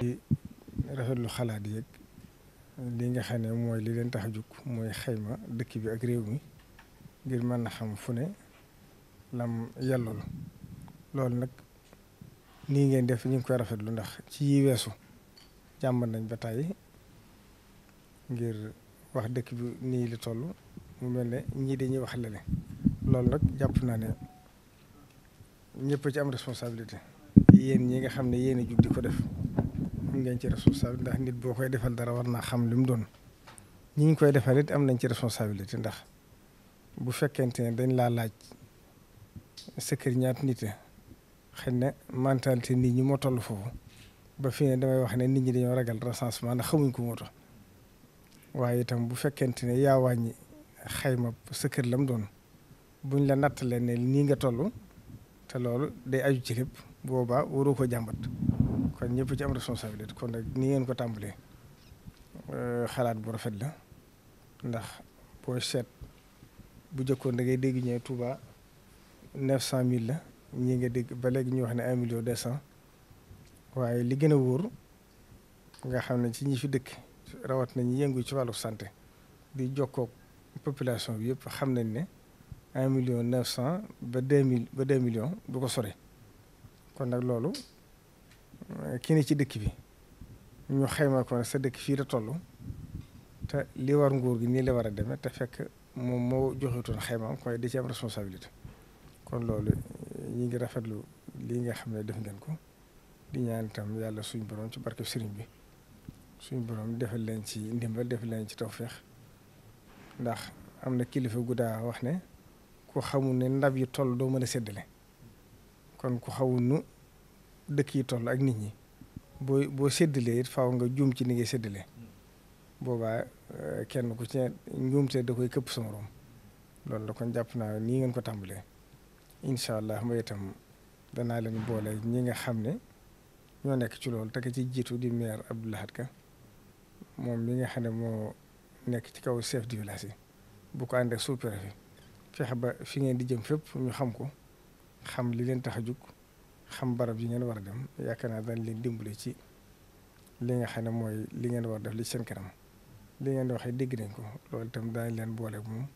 di rafetlu xalaat yeeg lii nga xam ne mooy li leen tax a jukk mooy xayma dëkk bi ak réew mi ngir mën na xam fu ne lam yellool loolu nag nii ngeen def ñu ngi koy rafetlu ndax ci yi weesu jàmbat nañ ba tàyyi ngir wax dëkk bi nii li toll mu mel ne ñii dañuy wax lene loolu nag jàpp naa ne ñëpp ci am responsabilité yéen ñi nga xam ne yéen a jug ko def am ngeen ci responsabilité ndax nit boo koy defal dara war naa xam li mu doon ñu ñu koy defal it am nañ ci responsabilité ndax bu fekkente ne dañ laa laaj sa kër ñaata nit na mentalité nit ñi moo toll foofu ba fi ne damay wax ne nit ñi dañoo ragal recensement ndax xamuñ ko moo tax waaye itam bu fekkente ne yaa wàññi xayma sa la mu doon buñ la nattalee ne nii nga toll te loolu day aju ci lépp boobaa waroo ko jàmbat. kon ñëpp ci am responsabilité kon nag ni ngeen ko tàmbalee euh, xalaat bu rafet la ndax boo seet bu jëkkoon da dégg ñee Touba neuf cent mille la ñi nga dégg ba léegi ñu wax ne un million deux cent waaye li gën a wóor nga xam ne ci ñi fi dëkk rawat na ñi yëngu ci wàllu santé di jokkoo population bi yëpp xam nañ ne un million neuf cent ba deux mille ba deux millions du ko sore kon nag loolu ki ne ci dëkk bi ñu xayma ko ne sa dëkk fii la toll te li war nguur gi nii la war a demee te fekk moom moo joxetoon xaymaam koy da ci am responsabilité kon loolu ñu ngi rafetlu lii nga xam ne def ngeen ko di ñaan itam yàlla suñ borom ci barke sëriñ bi suñ borom defal leen ci ndimbal defal leen ci feex ndax am na kilifa gu daa wax ne ku xamul ne ndab yi toll doo mën a séddale kon ku xamul nu dëkk yi toll ak nit ñi boo boo séddalee it faaw nga juum ci ni ngay séddalee boobaa euh, kenn ku ci njuumte da koy këpp sa morom loolu la ko jàpp naa nii ngeen ko tàmbalee incha allah mooy itam danaa leen boole ñi nga xam ne ñoo nekk ci loolu te ka ci jiitu di maire Abdou Lahad Ka moom mi nga xam ne moo nekk ci kaw chef du village yi bu ko àndee ak sous-préfet fexe ba fi ngeen di jëm fépp ñu xam ko xam li leen tax a jóg xam barab yi ngeen war a dem yaakaar naa dañ leen dimbale ci li nga xam mooy li ngeen war def li seen kanam li ngeen di waxee dégg nañ ko loolu itam daañu leen boole moom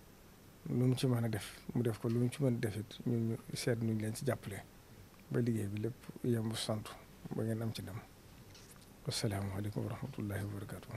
lu mu ci mën a def mu def ko lu mu ci mën a def it ñu seet nuñ leen ci jàppale ba liggéey bi lépp yemb sant ba ngeen am ci dem. asalaamaaleykum wa rahmatullahi wa barakaatu.